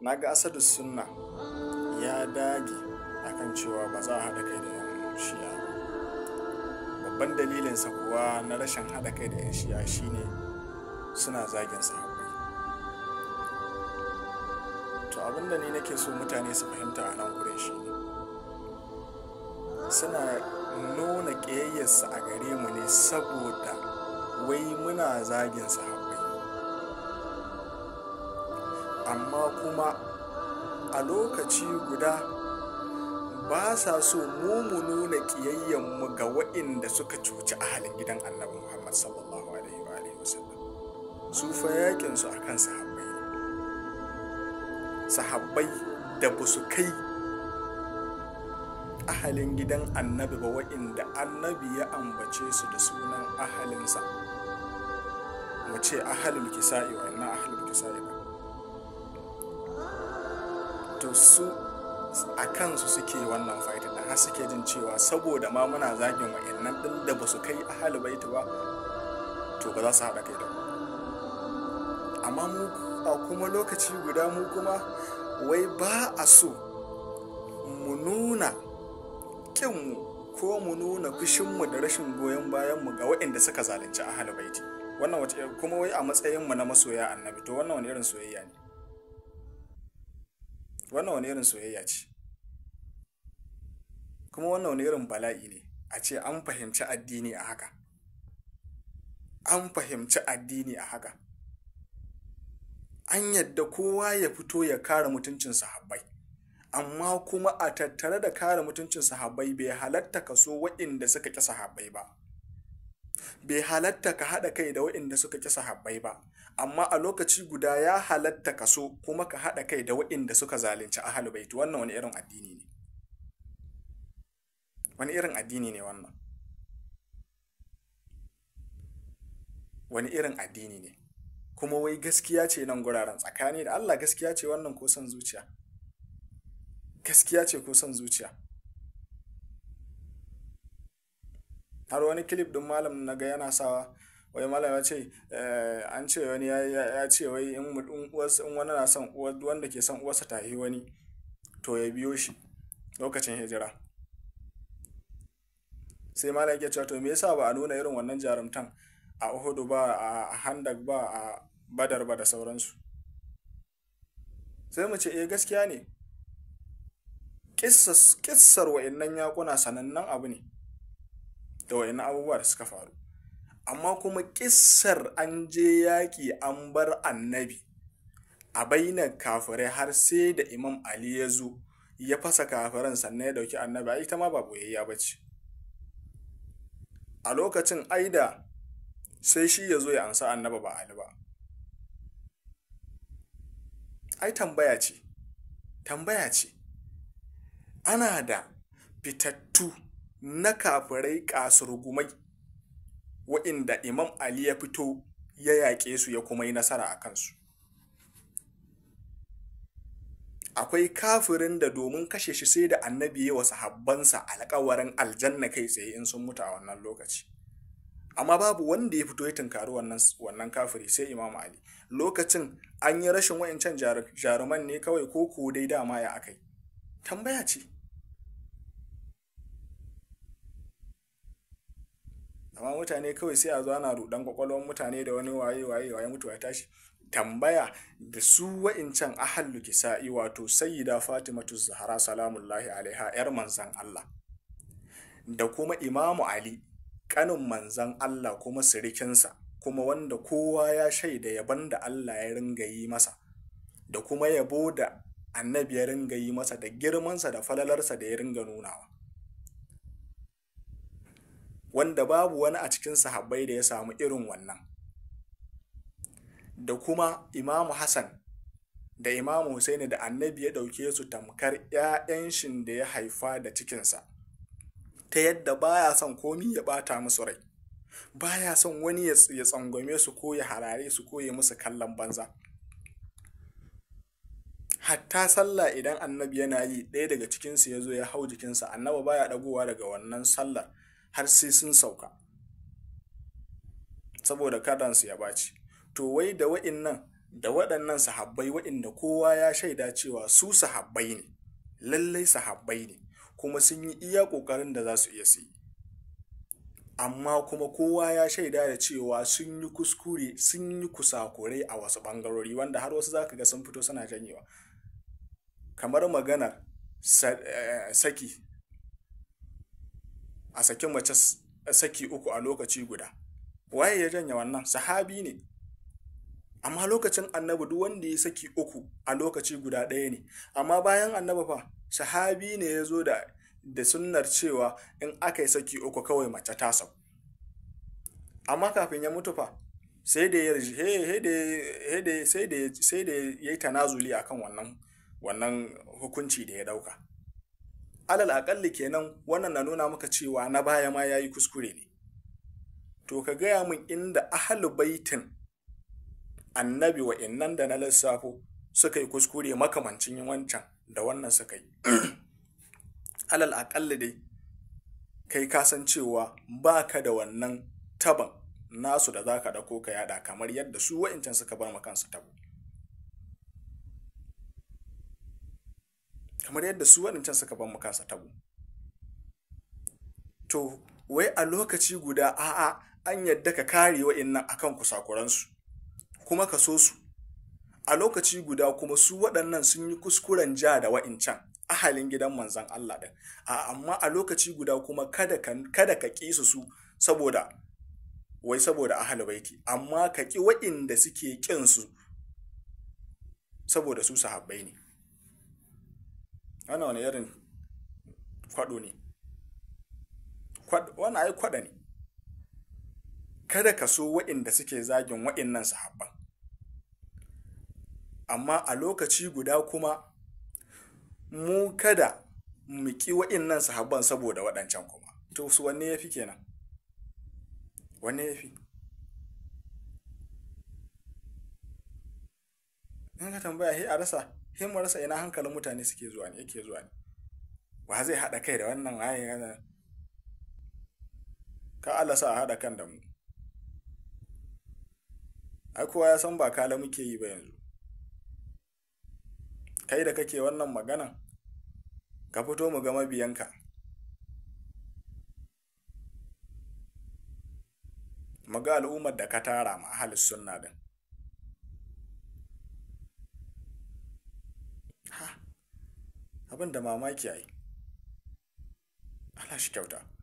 na ga asadu sunna ya dage akan cewa ba za a haɗa kai da 'yan ba, babban dalilinsa kuwa na rashin haɗa kai da 'yan shi'a shine suna zagin sahabbai to abinda ni nake so mutane su fahimta a nan wurin shi suna nuna ƙiyayyarsa a gare mu ne saboda wai muna zagin sahabbai amma kuma a lokaci guda ba sa so mu mu nuna ƙiyayyenmu ga waɗanda suka cuci ahalin gidan annabi muhammad sallallahu alaihi wa alihi wasallam su fa yaƙinsu a kan sahabbai sahabbai da ba su kai ahalin gidan annabi ba waɗanda annabi ya ambace su da sunan ahalinsa mu ce ahalul kisa'i wa ina ahalul kisa'i to su a kansu suke wannan fighting da har suke jin cewa saboda ma muna zagin wa'annan din da ba su kai ahli baiti ba to ba za su haɗa kai da amma mu a kuma lokaci guda mu kuma wai ba a so mu nuna kinmu ko mu nuna fushinmu da rashin goyon bayanmu ga waɗanda suka zalunci ahli baiti wannan kuma wai a matsayinmu na masoya annabi to wannan wani irin soyayya ne wannan wani irin soyayya ce kuma wannan wani irin bala'i ne a ce an fahimci addini a haka an fahimci addini a haka an yadda kowa ya fito ya kare mutuncin sahabbai amma kuma a tattare da kare mutuncin sahabbai bai halatta ka so waɗanda suka ƙi sahabbai ba bai halatta ka haɗa kai da waɗanda suka ƙi sahabbai ba amma a lokaci guda ya halatta kaso kuma ka haɗa kai da waɗanda suka zalunci ahalu baiti wannan wani irin addini ne wani irin addini ne wannan wani irin addini ne kuma wai gaskiya ce nan guraren tsakani da Allah gaskiya ce wannan ko son zuciya gaskiya ce ko son zuciya har wani kilif din malam na ga yana sawa wai malam ya ce eh, an ce wani ya ce wai in wani na son wanda ke son uwarsa ta yi wani to ya biyo shi lokacin hijira sai malam ya cewa to me yasa ba a nuna irin wannan jarumtan a Uhudu ba a Handak ba a Badar ba da sauransu sai mu ce eh gaskiya ne kissar wainnan yakuna sanannen abu ne da wa'annan abubuwa da suka faru amma kuma ƙissar an je yaƙi an bar annabi a baina kafirai har sai da imam ali ya zo ya fasa kafiran sannan ya ɗauki annabi ai ita ma ba boyayya ba ce a lokacin aida sai shi ya zo ya ansa annaba ba ali ba ai tambaya ce tambaya ce ana da fitattu na kafirai kasurgumai wa'inda imam ali ya fito ya yaƙe su ya kuma yi nasara a kansu akwai kafirin da domin kashe shi sai da annabi ya wa sahabbansa alƙawarin aljanna kai tsaye in sun mutu a wannan lokaci amma babu wanda ya fito ya tunkari wannan kafiri sai imam ali lokacin an yi rashin wa'incan jaruman ne kawai ko ko dai dama ya akai tambaya ce amma mutane kawai sai a zo ana rudan kwakwalwar mutane da wani waye waye waye ya tashi tambaya da su wa'incan ahallu kisa'i wato sayyida fatimatu zahara salamullahi alaiha yar manzan Allah da kuma imamu ali kanin manzan Allah kuma sirikinsa kuma wanda kowa ya shaida yaban da Allah ya ringa yi masa da kuma yabo da annabi ya ringa yi masa da girmansa da falalarsa da ya ringa nunawa wanda babu wani a cikin sahabbai da ya samu irin wannan da kuma imamu hassan da imamu hussaini da annabi ya ɗauke su tamkar 'ya'yan shin da ya haifa da cikinsa ta yadda baya son komi ya ɓata musu rai baya son wani ya tsangwame su ko ya harare su ko ya musu kallon banza hatta sallah idan annabi yana yi ɗaya daga cikinsu ya zo ya hau jikinsa annaba baya ɗagowa daga wannan sallar har sai sun sauka saboda kadansu ya baci to wai da wa'innan da waɗannan sahabbai waɗanda kowa ya shaida cewa su sahabbai ne lallai sahabbai ne kuma sun yi iya ƙoƙarin da za su iya su amma kuma kowa ya shaida da cewa sun yi kuskure sun yi kusakurai a wasu ɓangarori wanda har wasu za ka ga sun fito suna janyewa kamar maganar eh, saki a saki mace saki uku a lokaci guda waye ya janya wannan sahabi ne amma lokacin annabi duk wanda ya saki uku a lokaci guda ɗaya ne amma bayan annabi fa sahabi ne ya zo da da sunnar cewa in aka yi saki uku kawai mace ta sau amma kafin ya mutu fa sai da ya sai da ya yi tanazuli akan wannan wannan hukunci da ya dauka alal aƙalli kenan wannan na nuna maka cewa na baya ma ya yi kuskure ne to ka gaya min inda ahalu baitin annabi wa innan da na lissafo suka yi kuskure makamancin wancan da wannan suka yi alal aƙalli dai kai cewa ba ka da wannan taban nasu da za ka ɗauko ka yada kamar yadda su wa'incan suka bar ma kansu tabo kamar yadda su waɗancan suka ban makasa tabo to wai a lokaci guda a'a an yadda ka kare wa'innan akan kusakuransu kuma ka so su a lokaci guda kuma su waɗannan sun yi kuskuren ja da wa'incan ahalin gidan manzan Allah ɗin amma a lokaci guda kuma kada ka ƙi su saboda wai saboda ahal baiti amma ka ƙi waɗanda suke ƙin su saboda su sahabbai ne wannan wani irin kwaɗo ne wannan ai kwaɗa ne kada ka so waɗanda suke zagin waɗannan sahabban amma a lokaci guda kuma mu kada mu ƙi waɗannan sahabban saboda waɗancan kuma to su wanne ya fi kenan wanne ya fi in ka tambaya he a rasa sai ina hankalin mutane suke zuwa ne yake zuwa ne Wa zai haɗa kai da wannan waye yana ka Allah sa a haɗa kan da mu ai kowa ya san ba kala muke yi ba yanzu kai da kake wannan magana ka fito mu ga mabiyanka maga al'ummar da ka tara ma ahalis sunna din abin da mamaki yi. Allah shi kyauta